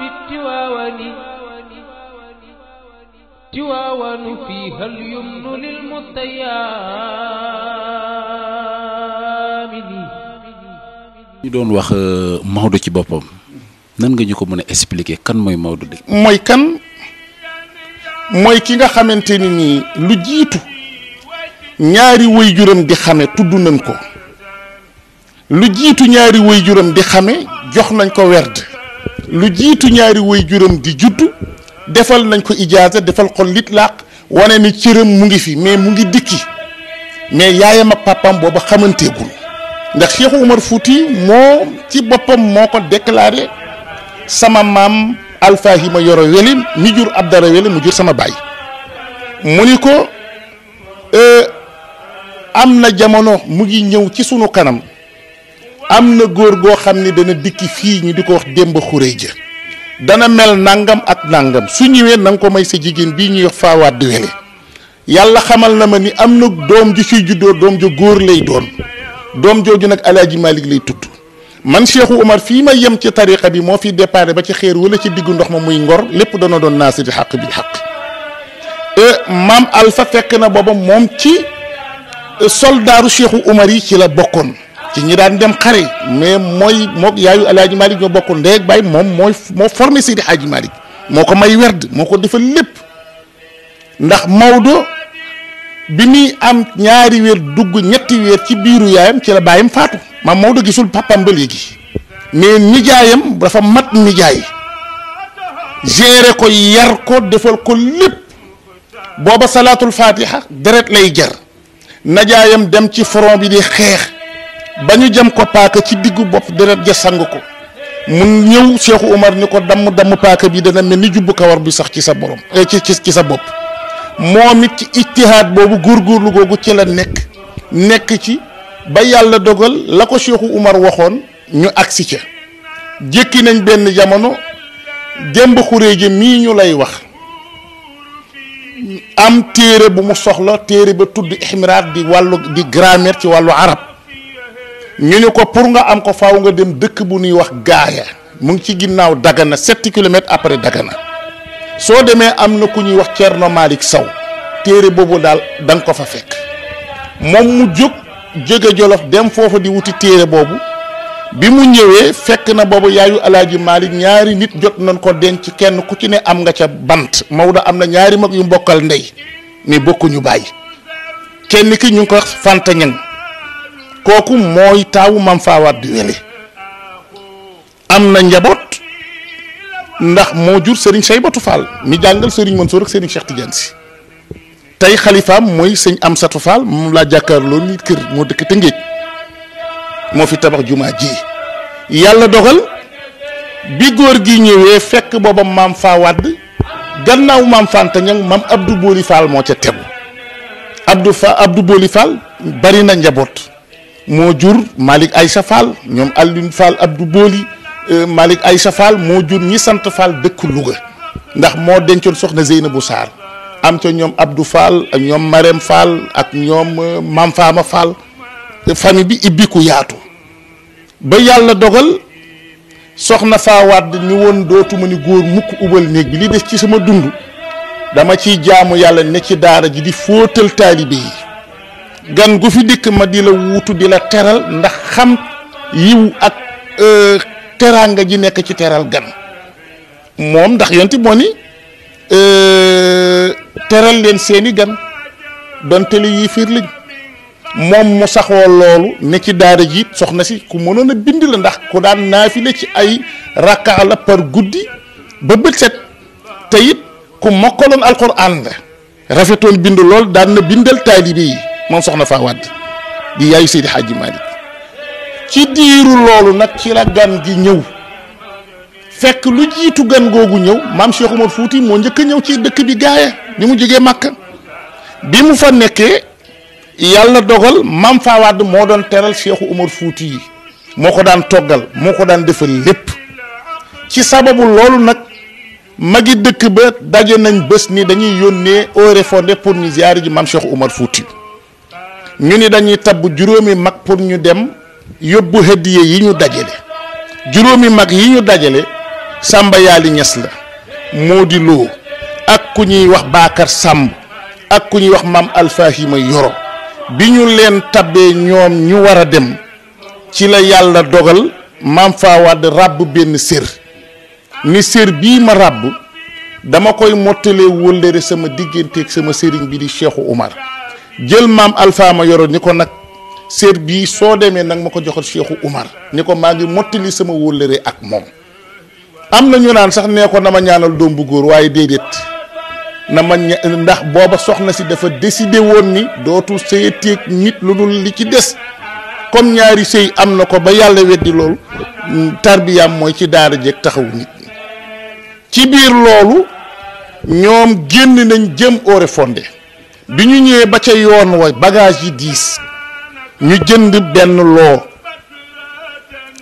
بالتواون تواون ñu doon wax euh, Maodo ci boppam nan nga ñu ko mën a expliquer kan mooy Maodo dëgg mooy kan mooy ki nga xamante ni nii lu jiitu ñaari waajuram di xame tudd nañ ko lu jiitu ñaari waajuram di xame jox nañ ko werd lu jiitu ñaari woy juróom di juddu defal nañ ko ijaaza defal ko litlaaq wane ni cëram mu ngi fi mais mu ngi dikki mais yaayam ak papam booba xamanteegul ndax Cheikh Oumar Fouti moo ci boppam moo ko déclaré sama maam Alpha Hima Yoro Weli mi jur dara Weli mu jur sama baay mu ni ko euh, am na jamono mu ngi ñëw ci sunu kanam am na góor goo xam ni dana dikk fii ñu di ko wax démb xuree ja dana mel nangam ak nangam su ñëwee na nga ko may sa jigéen bii ñuy wax faawaat di wele yàlla xamal na ma ni am na doom ji fiy juddoo doom jo góor lay doon doom jooju nag alaaji Malick lay tudd man Cheikhou Omar fii ma yem ci tariqa bi moo fi déparé ba ci xeer wala ci diggu ndox ma muy ngor lépp dana doon naasiri xaq bi xaq maam alfa fekk na booba moom ci soldaaru Cheikhou Omar yi ci la bokkoon ci ñi daan dem xare mais mooy mook yaayu alaaji Malick ñoo bokk ndeeg baay moom mooy moo formé Seydi Hadji Malick moo ko may werd moo ko defal lépp ndax Maodo bi muy am ñaari weer dugg ñetti weer ci biiru yaayam ci la baayam faatu maam Maodo gisul papam ba léegi mais nijaayam dafa mat nijaay géré ko yar ko defal ko lépp booba salaatul fatiha deret lay jar najaayam dem ci front bi di xeex ba ñu jëm ko paaka ci diggu bopp deret ja sang ko mu ñëw Cheikh Umar ni ko damm damm paaka bi dana mel ni jubbu kawar bi sax ci sa borom eh, ci ci sa bopp moom it ci ijtihaad boobu góorgóorlu googu ci la nekk nekk ci ba yàlla dogal la ko Cheikh Umar waxoon ñu agsi ca jëkki nañ benn jamono démb xuréeje mii ñu lay wax am téere bu mu soxla téere ba tudd ihmiraat di wàllu di grammaire ci wàllu arab ñu ñu ko pour nga am ko faw nga dem dëkk bu nuy wax gaaya mu ngi ci ginnaaw Dagana sept kilomètres après Dagana soo demee am na ku ñuy wax Thierno Malick Sow téere boobu daal da nga ko fa fekk moom mu jóg jóge Jolof dem foofa di wuti téere boobu bi mu ñëwee fekk na boobu yaayu alaaji Malick ñaari nit jot nañ ko denc kenn ku ci ne am nga ca bant Maodo am na ñaari mag yu mbokkal ndey mais bokkuñu bàyyi kenn ki ñu ngi ko wax Fanta Ñang kooku mooy taawu mam faawaat di am na njaboot ndax moo jur Serigne Seybatu Fall mi jàngal Serigne Mansour ak Serigne Cheikh Tidiane si tey xalifaam mooy sëñ Amsatu Fall moom laa jàkkaarloo ni kër moo dëkk Tëngéej moo fi tabax jumaa ji yàlla dogal bi góor gi ñëwee fekk booba maam faa wadd gannaaw maam Fanta Ñaŋ maam Abdou Boli Fall moo ca tegu Abdou fa Abdou Boli Fall bari na njaboot moo jur Malick Aïssa Fall ñoom Alioune Fall Abdou Boli euh, Malick Aïssa Fall moo jur ñi sant Fall dëkk Louga ndax moo dencoon soxna Zeynabou Sarr am ca ñoom Abdou Fall ak ñoom Marème Fall ak ñoom euh, Mam Fama Fall famille bi ibbiku yaatu ba yàlla dogal soxna faawaat ni woon dootuma ni góor mukk ubal néeg bi li des ci sama dund dama ciy jaamu yàlla ne ci daara ji di fóotal taalibe yi gan gu fi dikk ma di la wutu di la teral ndax xam yiw ak euh, teraanga ji nekk ci teral gan moom ndax yonti moo ni euh, teral leen seeni gan donte li yii fiir lañ moom mu saxoo loolu ne ci daara ji soxna si ku mënoon a bind la ndax ku daan naafile ci ay rakka la par guddi ba bët set te it ku mokkaloon alxuraan la rafetoon bind lool daan na bindal taalibe yi moom soxna faa wàdd di yaayu Seydi Hadji Malick ci diiru loolu nag ci la gan gi ñëw fekk lu jiitu gan googu ñëw maam Cheikh Omar Fouti moo njëkk a ñëw ci dëkk bi gaaya ni mu jógee Màkka bi mu fa nekkee yàlla dogal maam faa wàdd moo doon teral Cheikh Omar Fouti yi moo ko daan toggal moo ko daan defal lépp ci sababu loolu nag magi dëkk ba daje nañ bés ni dañuy yónnee Orefondé pour ñu ziyaar ji maam Cheikh Omar Fouti ñu ni dañuy tabb juróomi mag pour ñu dem yóbbu hëddiye yi ñu dajale juróomi mag yi ñu dajale sàmba yaali ñes la moo di loo ak ku ñuy wax baakar sàmb ak ku ñuy wax maam alfahima yoro bi ñu leen tabbee ñoom ñu war a dem ci la yàlla dogal maam faawaad ràbb benn sér ni sér bii ma ràbb dama koy mottalee wóllëre sama digganteeg sama sëriñ bi di Cheikhu Umar jël maam Alpha ma yoroon ni ko nag seet bii soo demee nag ma ko joxal Cheikhu Umar ni ko maa ngi mottali sama wóllëre ak moom am na ñu naan sax nee ko na ma ñaanal doom bu góor waaye déedéet na ma ndax booba soxna si dafa décidé woon ni dootul sëyateeg nit lu dul li ci des kom ñaari sëy am na ko ba yàlla weddi loolu tarbiyaam mooy ci daara jeeg taxawu nit ci biir loolu ñoom génn nañ jëm Oréfondé bi ñu ñëwee ba ca yoon wa bagage yi diis ñu jënd benn loo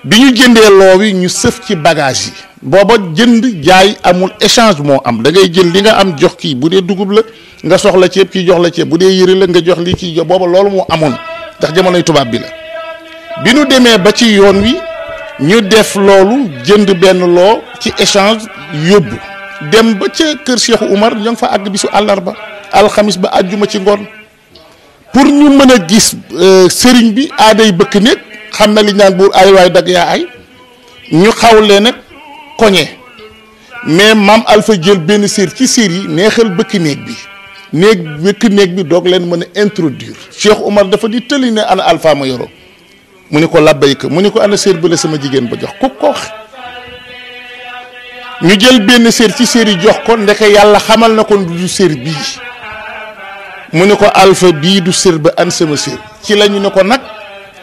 bi ñu jëndee loo wi ñu sëf ci bagage yi booba jënd jaay amul échange moo am da ngay jël li nga am jox kii bu dee dugub la nga soxla ceeb kii jox la ceeb bu dee yëre la nga jox lii ci jox booba loolu moo amoon ndax jamonoy tubaab bi la bi nu demee ba ci yoon wi ñu def loolu jënd benn loo ci échange yóbbu dem ba ca kër Cheikh Oumar ñoo ngi fa àgg bisu àllarba alxamis ba àjjuma ci ngoon pour ñu mën a gis euh, sëriñ bi aaday bëkk néeg xam na li ñaan buur ay waay dag yaa ay ñu xaw leen nag koñe mais maam Alpha jël benn séer ci séer yi neexal bëkk néeg bi néeg bëkk néeg bi doog leen mën a introduire Cheikh Omar dafa di tëli ne ana Alpha ma yoro mu ni ko labbayka mu ni ko ana séer bële sama jigéen ba jox ku ko ñu jël benn séer ci séer yi jox ko ndeke yàlla xamal na ko du séer bii mu ne ko alpha bii du sir ba an sama sir ci la ñu ne ko nag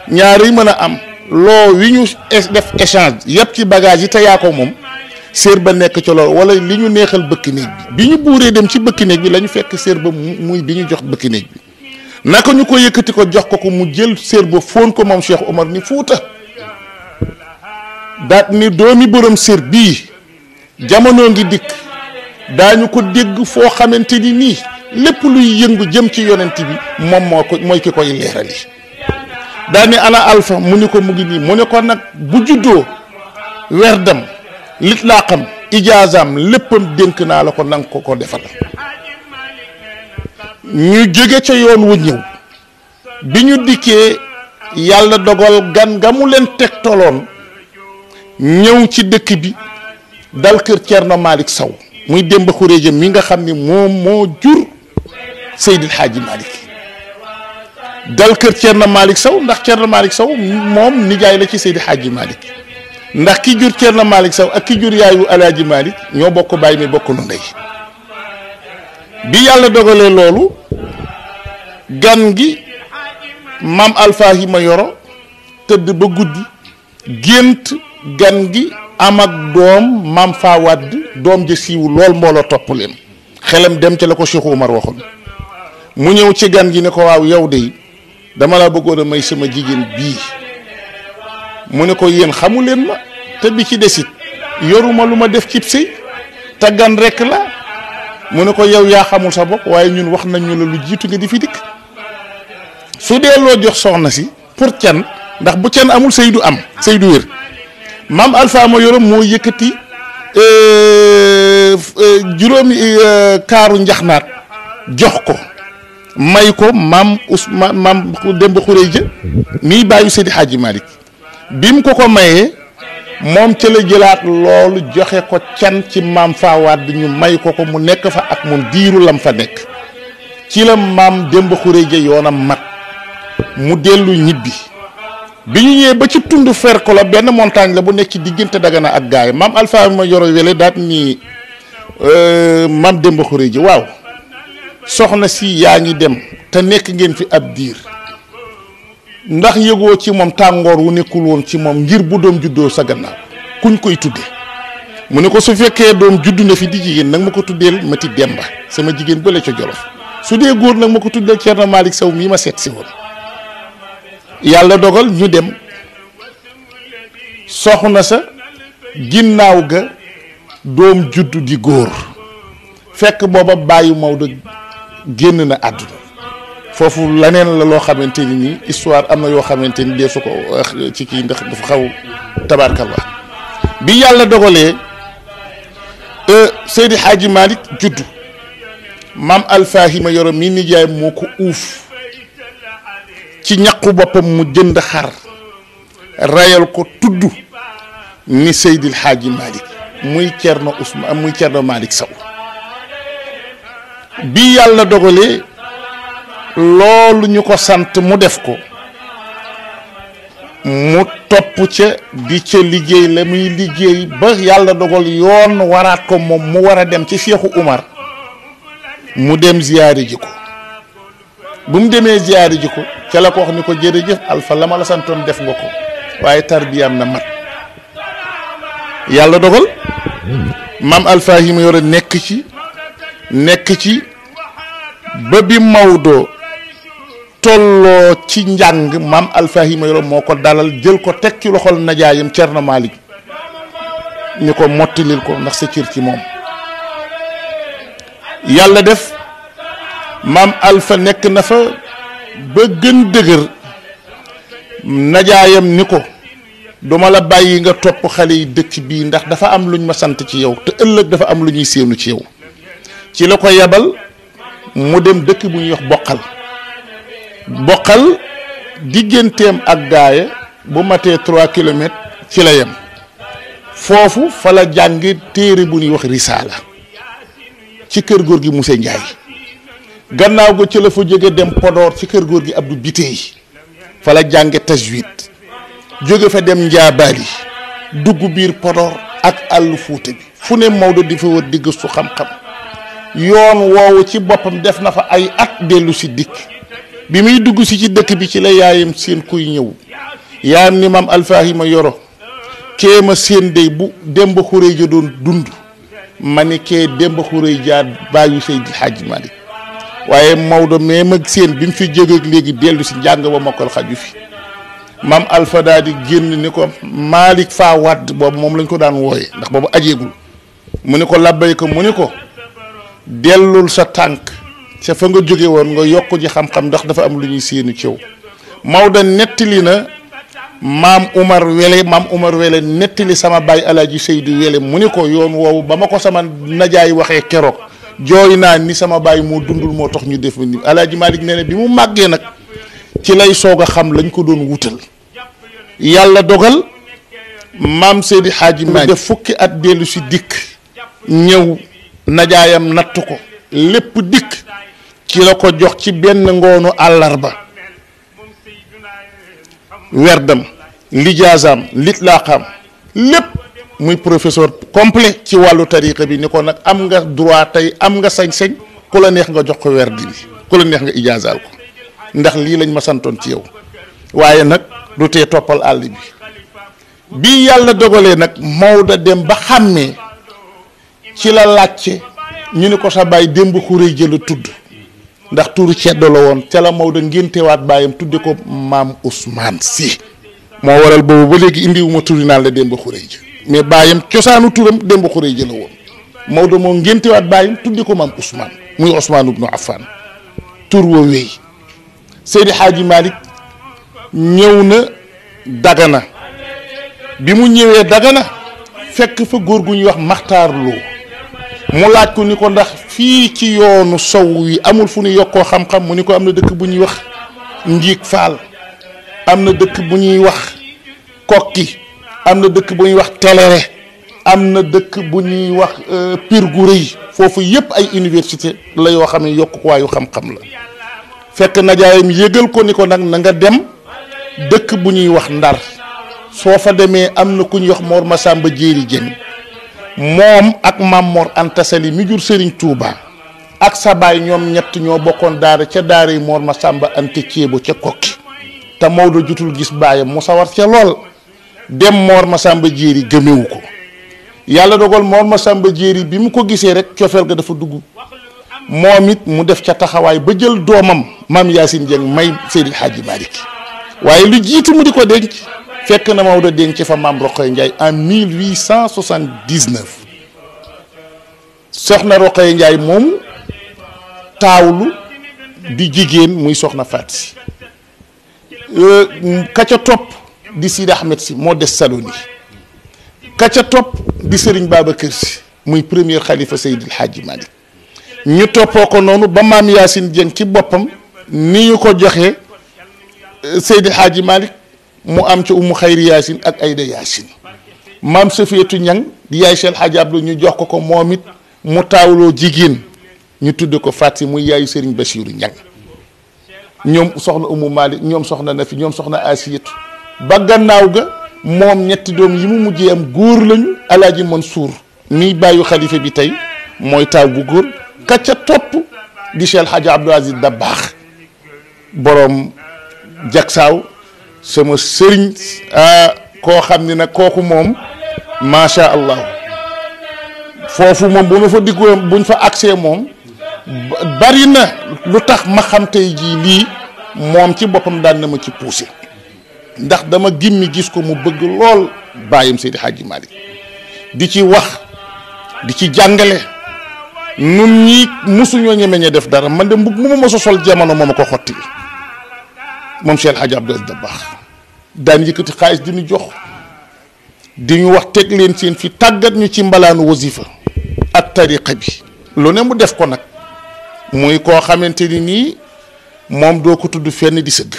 ñaari mën a am loo wi ñu def échange yëpp ci bagage yi te yaa ko moom séer ba nekk ci loolu wala li ñu neexal bëkk bi bi ñu buuree dem ci bëkk néeg bi la fekk séer ba muy bi ñu jox bëkk néeg bi naka ñu ko yëkkati ko jox ko ko mu jël séer ba foon ko moom Cheikh Omar ni fuuta daat ni doomi borom séer bii jamono ngi dikk daañu ko dégg foo xamante ni nii lépp luy yëngu jëm ci yonent bi moom moo ko mooy ki koy leerali daani ana alpha mu ni ko mu ngi mu ne ko nag bu juddoo werdam litlaaxam ijaazaam léppam dénk naa la ko nang ko ko defal ñu jóge ca yoon wu ñëw bi ñu dikkee yàlla dogal gan nga mu leen tegtaloon ñëw ci dëkk bi dal kër Cerno Malick Sow muy Demba Xuréja mi nga xam ni moom moo jur Seydil Hadji Malick dal kër Thierno Malick Sow ndax na Malick Sow moom nijaay la ci Seydil Hadji Malick ndax ki jur Thierno Malick Sow ak ki jur yaayu Alaaji Malick ñoo bokk bàyyi mi bokk lu ndey bi yàlla dogalee loolu gan gi maam Alpha yi ma yoro tëdd ba guddi gént gan gi am ak doom maam faa wadd doom ja siiwu lool mbooloo la topp leen xelam dem ci la ko Cheikh Oumar waxoon mu ñëw ci gan gi ne ko waaw yow de dama la bëggoon a may sama jigéen bii mu ne ko yéen xamu leen ma te bi ci desit yoruma lu ma def cib si te gan rek la mu ne ko yow yaa xamul sa bopp waaye ñun wax nañ la lu jiitu nga di fi dikk su dee loo jox soxna si pour can ndax bu can amul sëy du am sëy du wér maam Alpha ma moo yëkkati euh, euh, juróomi euh, kaaru njaxnaat jox ko. may ko maam Ousmane maam Demba Khourédia mii bàyyi Seydi Hadji Malick bi mu ko ko mayee moom ca jëlaat loolu joxe ko can ci maam Fawad ñu may ko ko mu nekk fa ak moom diiru lam fa nekk ci la maam Demba Khourédia yoonam mat mu dellu ñibbi bi ñu ñëwee ba ci tund Ferkolo benn montagne la bu nekk ci diggante na ak gaay maam Alpha ma yoro wele daat ni euh, maam Demba Khourédia waaw soxna si yaa ngi dem te nekk ngeen fi ab diir ndax yëgoo ci moom tàngoor wu nekkul woon ci moom ngir bu doom juddoo sa gannaaw kuñ koy tudde mu ne ko su fekkee doom juddu na fi di jigéen nag ma ko tuddeel Mati Demba sama jigéen bële ca Jolof su dee góor nag ma ko tuddeel Cerno Malick Sow mii ma seet si woon yàlla dogal ñu dem soxna sa ginnaaw ga doom juddu di góor fekk booba bàyyi Maodo génn na àdduna foofu leneen la loo xamante ni nii histoire am na yoo xamante ni dee su ko euh, ci kii ndax dafa xaw tabaarkalla bi yàlla dogalee euh, Seydi Hadji Malick juddu maam Alfahima yoro mii nijaay moo ko uuf ci ñaqu boppam mu jënd xar rayal ko tudd ni Seydil Hadji Malick muy Cerno Ousmane muy Cerno Malick Sow bii yàlla dogalee loolu ñu ko sant mu def ko mu topp ca di ca liggéey la muy liggéey ba yàlla dogal yoon waraat ko moom mu war a dem ci feexu Umar mu dem ziyaari ji ko bu mu demee ziyaari ji ko ca la ko wax ni ko jërëjëf alfa la ma la santoon def nga ko waaye tarbiyaam na mat yàlla dogal hmm. maam alfa yi mu yore nekk ci nekk ci ba bi Maodo tolloo ci njàng maam Alfaahi Mayoro moo ko dalal jël ko teg ci loxol najaayam na Malik ñu ko mottilil ko ndax sa cër ci moom yàlla def maam Alfa nekk na fa ba gën dëgër najaayam ni ko duma la bàyyi nga topp xale yi dëkk bii ndax dafa am luñ ma sant ci yow te ëllëg dafa am lu ñuy séenu ci yow ci la ko yebal mu dem dëkk bu ñuy wax boqal boqal digganteem ak gaaya bu matee trois kilomètres ci la yem foofu fala la téere bu ñuy wax risaala ci kër góor gi Muse Njaay gannaaw ga ci la fa jóge dem Podor ci kër góor gi ab Bitey fa la jànge tajwid jóge fa dem Njaabaali dugg biir Podor ak àll Fuuta bi fu ne Maodo di fa wër di gëstu xam-xam yoon woowu ci boppam def na fa ay at dellu si dikk bi muy dugg si ci dëkk bi ci la yaayam seen kuy ñëw yaayam ni maam ma yoro kéema seen day bu demba xuréy ja doon dund ma ni kee demba xuréy jaa bàyyu Seydi Hadji Malick waaye Maodo même mag seen bi mu fi jógeeg léegi dellu si njàng ba mokkal xaju fi maam alfa daa di génn ni ko Malick faa wadd boobu moom lañ ko daan wooye ndax boobu ajeegul mu ni ko labbay ko mu ni ko dellul sa tànk sa fa nga jóge woon nga yokk ji xam-xam ndax dafa am lu ñuy séenu ciw Maodo nettali na maam Umar Wele maam Umar Wele nettali sama baay Alaaji Seydou Wele mu ni ko yoon woowu ba ma ko sama najaay waxee keroog jooy naa ni sama baay moo dundul moo tax ñu def ni Alaaji Malick nee bi mu màggee nag ci lay soog a xam lañ ko doon wutal yàlla dogal maam Seydi xaaji Malick def fukki at dellu si dikk ñëw najaayam natt ko lépp dikk ci la ko jox ci benn ngoonu àllarba werdam lijaasaam litlaaxaam lépp muy professeur complet ci wàllu tariqa bi ni ko nag am nga droit tey am nga sañ-sañ ku la neex nga jox ko werdi bi ku la neex nga ijaasaal ko ndax lii lañ ma santoon ci yow waaye nag du tee toppal àll bi bii yàlla dogalee nag Maodo dem ba xàmmee ci la laajte ñu ne ko sa baay démb xuree jëla tudd ndax tuuru ceddo la woon ca la Maodo ngéntewaat baayam tudde ko maam Ousmane si moo waral boobu ba léegi indiwuma turi naan la démb xuree ji mais baayam cosaanu turam démb xuree ji la woon Maodo moo ngéntewaat baayam tudde ko maam Ousmane muy Ousmane ibnu Affan tur wa wéy Seydi Hadji ñëw na Dagana bi mu ñëwee Dagana fekk fa góor gu ñuy wax Maxtaar Lo mu laaj ko ni ko ndax fii ci yoonu sow yi amul fu ñu yokkoo xam-xam mu ni ko am na dëkk bu ñuy wax njiig faal am na dëkk bu ñuy wax kokki am na dëkk bu ñuy wax telere am na dëkk bu ñuy wax euh, pir gu rëy foofu yépp ay université la yoo xam ne yokkuwaayu xam-xam la fekk najaayam yëgal ko ni ko nag na nga dem dëkk bu ñuy wax ndar soo fa demee am na ku ñuy wax Mor Masamba Jéeri Jeen moom ak Maam Mor Anta Sali mi jur Serigne Touba ak sa baay ñoom ñett ñoo bokkoon daara ca daara yi ma Masamba Anta Ceebo ca kokki te Maodo jutul gis baayam mu sawar ca lool dem Mor Masamba Jéeri gëmewu ko yàlla dogal Mor Masamba Jéeri bi mu ko gisee rek cofeel ga dafa dugg moom it mu def ca taxawaay ba jël doomam maam Yacine Dieng may Seydi Hadji Malick waaye lu jiitu mu di ko denc. fekk na Maodo denc fa maam Roqoy Ndiaye en 1879 soxna Roqoy Ndiaye moom taawlu di jigéen muy soxna Faat si euh, ka ca topp di Sidi Ahmed si moo des Saloni ka ca topp di Serigne Babacar si muy premier xalifa Seydil Hadji Malick ñu toppoo ko noonu ba maam Yacine Dieng ci boppam ni ñu ko joxee euh, Seydil Hadji Malick mu am ca umu xayri yaasin ak ayda yaasin maam Safiyatu Ñang di yaay Cheikh Hadj Abdou ñu jox ko ko moom it mu taawloo jigéen ñu tudd ko Fàtti muy yaayu Serigne Bassirou Ñang ñoom soxna umu Malik ñoom soxna Nafi ñoom soxna Asiyatu ba gannaaw ga moom ñetti doom yi mu mujjee am góor lañu Alaaji suur miy bàyyi xalifa bi tey mooy taaw bu góor ka ca topp di Cheikh Hadj Abdou Aziz Dabakh boroom jagsaaw sama sëriñ ah, koo xam ni nag kooku moom macha allah foofu moom bu ma fa diggoo buñ fa agsee moom bari na lu tax ma xam tey jii lii moom ci boppam daan na ma ci poussé ndax dama gimmi gis ko mu bëgg lool bàyyim Seydi Hadji Malick di ci wax di ci jàngale nun ñii mosuñoo ñee def dara man de mbub mu ma mos a sol jamono moom a ko xotti moom Cheikh Hadji Abdou Dabakh daan yëkkati xaalis di ñu jox di wax teg leen seen fi tàggat ñu ci mbalaanu wasifa ak tariqa bi lu ne mu def ko nag muy koo xamante ni nii moom doo ko tudd fenn di sëgg